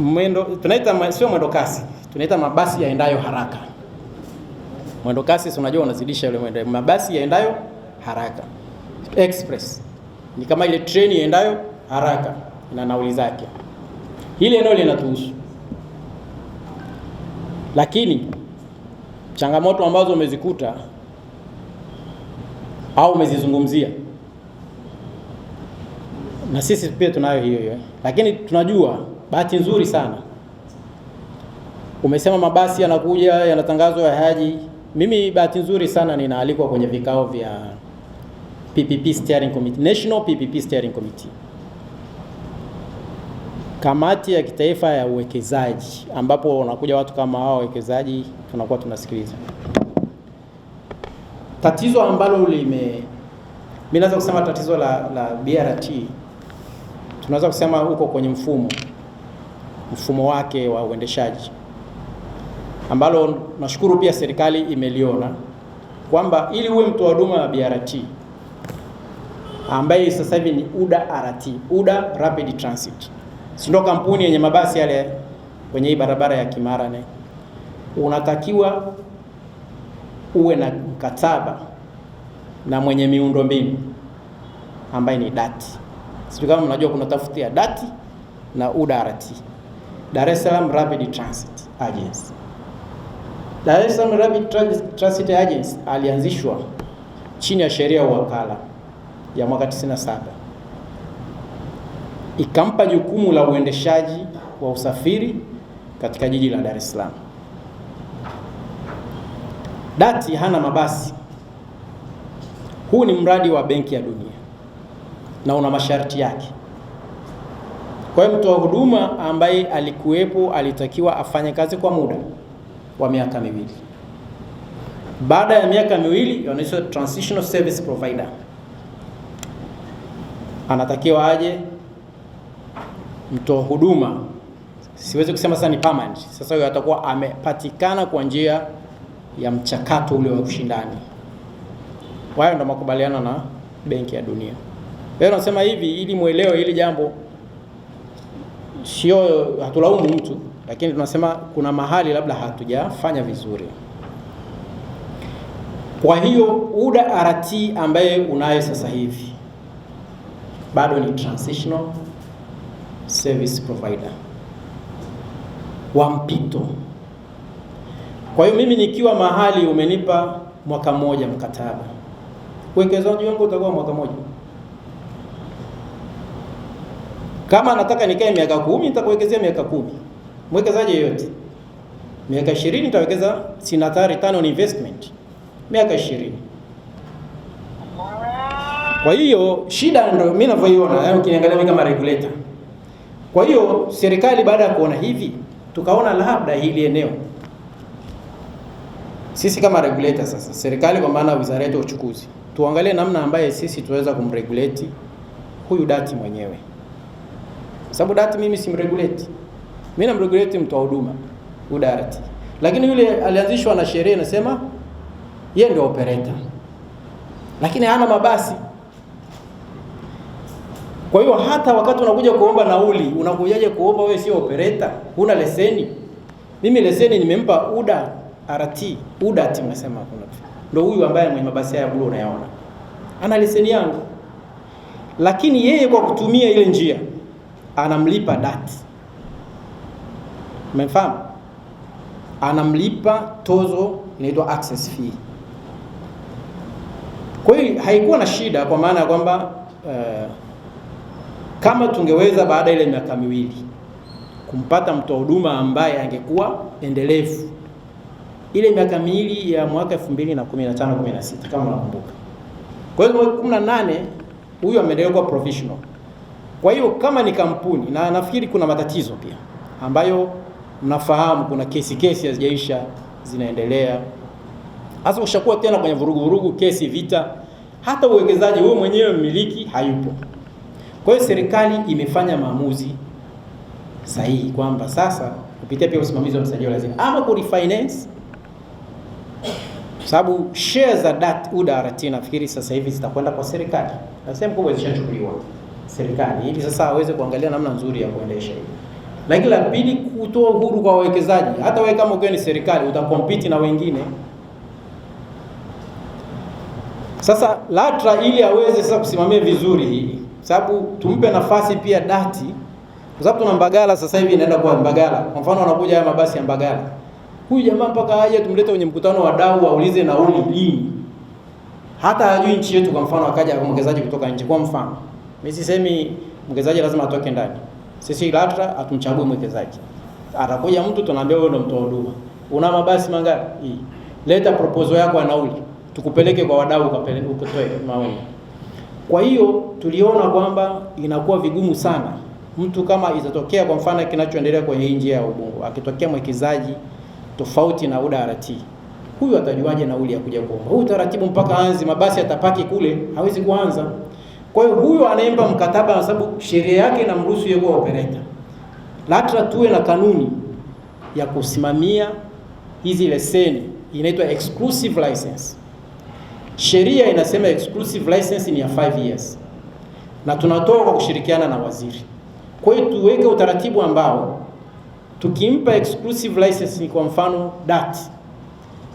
mwendo tunaita sio mwendo kasi, tunaita mabasi yaendayo haraka. Mwendo kasi si unajua unazidisha yule mwendo, mabasi yaendayo haraka express ni kama ile treni iendayo haraka na nauli zake, hili eneo linatuhusu. Lakini changamoto ambazo umezikuta au umezizungumzia, na sisi pia tunayo hiyo hiyo, lakini tunajua Bahati nzuri sana umesema mabasi yanakuja yanatangazwa ya haji. Mimi bahati nzuri sana ninaalikwa kwenye vikao vya PPP Steering Committee, National PPP Steering Committee, kamati ya kitaifa ya uwekezaji, ambapo wanakuja watu kama hao wawekezaji, tunakuwa tunasikiliza tatizo ambalo lime mimi naweza kusema tatizo la, la BRT tunaweza kusema huko kwenye mfumo mfumo wake wa uendeshaji, ambalo nashukuru pia serikali imeliona kwamba ili uwe mtoa huduma wa BRT ambaye sasa hivi ni UDA RT, UDA Rapid Transit, si ndo kampuni yenye mabasi yale kwenye hii barabara ya Kimara ne, unatakiwa uwe na mkataba na mwenye miundombinu ambaye ni dati. Sijui kama mnajua kuna tofauti ya dati na UDA RT. Dar es Salaam Rapid Transit Agency. Dar es Salaam Rapid Transit Agency alianzishwa chini ya sheria ya wakala ya mwaka 97 ikampa jukumu la uendeshaji wa usafiri katika jiji la Dar es Salaam. Dati hana mabasi. Huu ni mradi wa Benki ya Dunia na una masharti yake. Kwa hiyo mtoa huduma ambaye alikuwepo alitakiwa afanye kazi kwa muda wa miaka miwili. Baada ya miaka miwili yanaitwa transitional service provider, anatakiwa aje mtoa huduma. Siwezi kusema sasa ni permanent. Sasa huyo atakuwa amepatikana kwa njia ya mchakato ule wa ushindani. Hayo ndo makubaliano na Benki ya Dunia. Leo nasema hivi ili mwelewe hili jambo sio hatulaumu mtu, lakini tunasema kuna mahali labda hatujafanya vizuri. Kwa hiyo UDA RT ambaye unayo sasa hivi bado ni transitional service provider wa mpito. Kwa hiyo mimi nikiwa mahali umenipa mwaka mmoja mkataba, uwekezaji wangu utakuwa mwaka mmoja Kama nataka nikae miaka kumi nitakuwekezea miaka kumi. Mwekezaji yeyote miaka 20 nitawekeza, sinatari tano ni investment miaka 20. Kwa hiyo shida ndio mimi ninavyoiona, yaani ukiniangalia mimi kama regulator. Kwa hiyo serikali baada ya kuona hivi, tukaona labda hili eneo sisi kama regulator sasa, serikali kwa maana wizara yetu ya uchukuzi, tuangalie namna ambaye sisi tunaweza kumregulate huyu dati mwenyewe sababu dati mimi simregulate, mimi namregulate wa huduma udati, lakini yule alianzishwa na sheria inasema yeye ndio operator, lakini hana mabasi. Kwa hiyo hata wakati unakuja kuomba nauli, unakujaje kuomba wewe sio operator, huna leseni? Mimi leseni nimempa UDA RT, UDAT mnasema kuna ndio huyu ambaye mwenye mabasi haya blue unayaona, ana leseni yangu, lakini yeye kwa kutumia ile njia anamlipa dati, umefahamu? Anamlipa tozo inaitwa access fee. Kwa hiyo haikuwa na shida, kwa maana ya kwamba uh, kama tungeweza baada ile miaka miwili kumpata mtoa huduma ambaye angekuwa endelevu ile miaka miwili ya mwaka 2015 16 kama unakumbuka. Kwa hiyo 18 huyu ameendelea kuwa professional. Kwa hiyo kama ni kampuni, na nafikiri kuna matatizo pia ambayo mnafahamu, kuna kesi kesi hazijaisha zinaendelea, hasa ushakuwa tena kwenye vurugu vurugu, kesi, vita, hata uwekezaji, wewe mwenyewe mmiliki hayupo. Kwa hiyo serikali imefanya maamuzi sahihi kwamba sasa kupitia pia usimamizi wa msajili wa hazina ama ku refinance sababu share za DART, UDART nafikiri sasa hivi zitakwenda kwa serikali na sehemu kubwa zishachukuliwa serikali ili sasa aweze kuangalia namna nzuri ya kuendesha hii. Lakini la pili, kutoa uhuru kwa wawekezaji. Hata wewe kama ukiwa ni serikali utakompiti na wengine. Sasa LATRA ili aweze sasa kusimamia vizuri hii, sababu tumpe nafasi pia dati, kwa sababu tuna Mbagala sasa hivi inaenda kwa Mbagala. Kwa mfano wanakuja haya mabasi ya Mbagala, huyu jamaa mpaka aje tumlete kwenye mkutano wa dau, aulize nauli lini, hata ajui nchi yetu. Kwa mfano akaja mwekezaji kutoka nje, kwa mfano mimi sisemi mwekezaji lazima atoke ndani. Sisi LATRA atumchague mwekezaji. Atakuja mtu tunaambia wewe ndo mtoa huduma. Una mabasi mangapi? Leta proposal yako ya nauli. Tukupeleke kwa wadau ukapeleke ukotoe maoni. Kwa hiyo tuliona kwamba inakuwa vigumu sana mtu kama itatokea kwa mfano kinachoendelea kwenye njia ya Ubungo, akitokea mwekezaji tofauti na UDART, huyu atajuaje nauli ya kuja kuomba? Huyu taratibu mpaka anzi mabasi atapaki kule, hawezi kuanza. Kwa hiyo huyo anaimba mkataba kwa sababu sheria yake inamruhusu yeye kuwa operator. LATRA tuwe na kanuni ya kusimamia hizi leseni, inaitwa exclusive license. Sheria inasema exclusive license ni ya 5 years, na tunatoa kwa kushirikiana na waziri. Kwa hiyo tuweke utaratibu ambao tukimpa exclusive license, kwa mfano DART,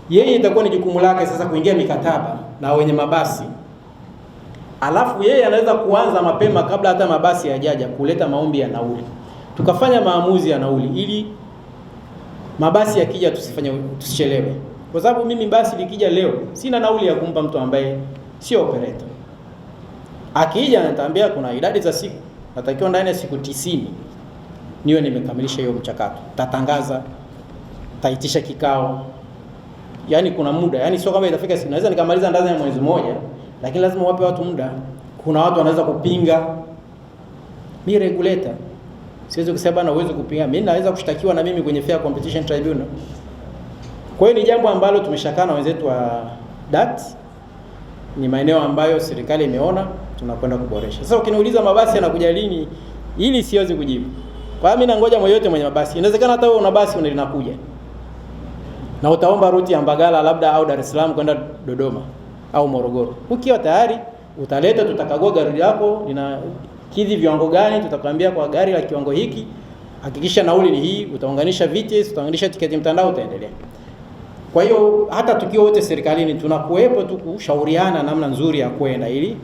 yeye itakuwa ni jukumu lake sasa kuingia mikataba na wenye mabasi alafu yeye anaweza kuanza mapema kabla hata mabasi hayajaja kuleta maombi ya nauli, tukafanya maamuzi ya nauli ili mabasi yakija tusifanye tusichelewe, kwa sababu mimi basi likija leo sina nauli ya kumpa mtu ambaye sio operator. Akija anatambia kuna idadi za siku natakiwa ndani ya siku tisini niwe nimekamilisha hiyo mchakato, tatangaza taitisha kikao, yani kuna muda, yani sio kama itafika siku, naweza nikamaliza ndani ya mwezi mmoja lakini lazima wape watu muda. Kuna watu wanaweza kupinga. Mi regulator siwezi kusema bana, uwezi kupinga. Mimi naweza kushtakiwa na mimi kwenye Fair Competition Tribunal. Kwa hiyo ni jambo ambalo tumeshakaa na wenzetu wa DAT, ni maeneo ambayo serikali imeona tunakwenda kuboresha. Sasa ukiniuliza mabasi yanakuja lini, ili siwezi kujibu. Kwa hiyo mimi nangoja moyo wote mwenye mabasi. Inawezekana hata wewe una basi unalinakuja. na utaomba ruti ya Mbagala labda au Dar es Salaam kwenda Dodoma au Morogoro. Ukiwa tayari utaleta, tutakagua gari lako linakidhi viwango gani, tutakwambia kwa gari la kiwango hiki hakikisha nauli ni hii, utaunganisha viti, utaunganisha tiketi mtandao, utaendelea. Kwa hiyo hata tukiwa wote serikalini tunakuwepo tu kushauriana namna nzuri ya kwenda ili.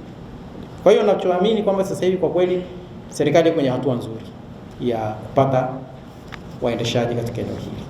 Kwa hiyo nachoamini kwamba sasa hivi kwa kweli serikali kwenye hatua nzuri ya kupata waendeshaji katika eneo hili.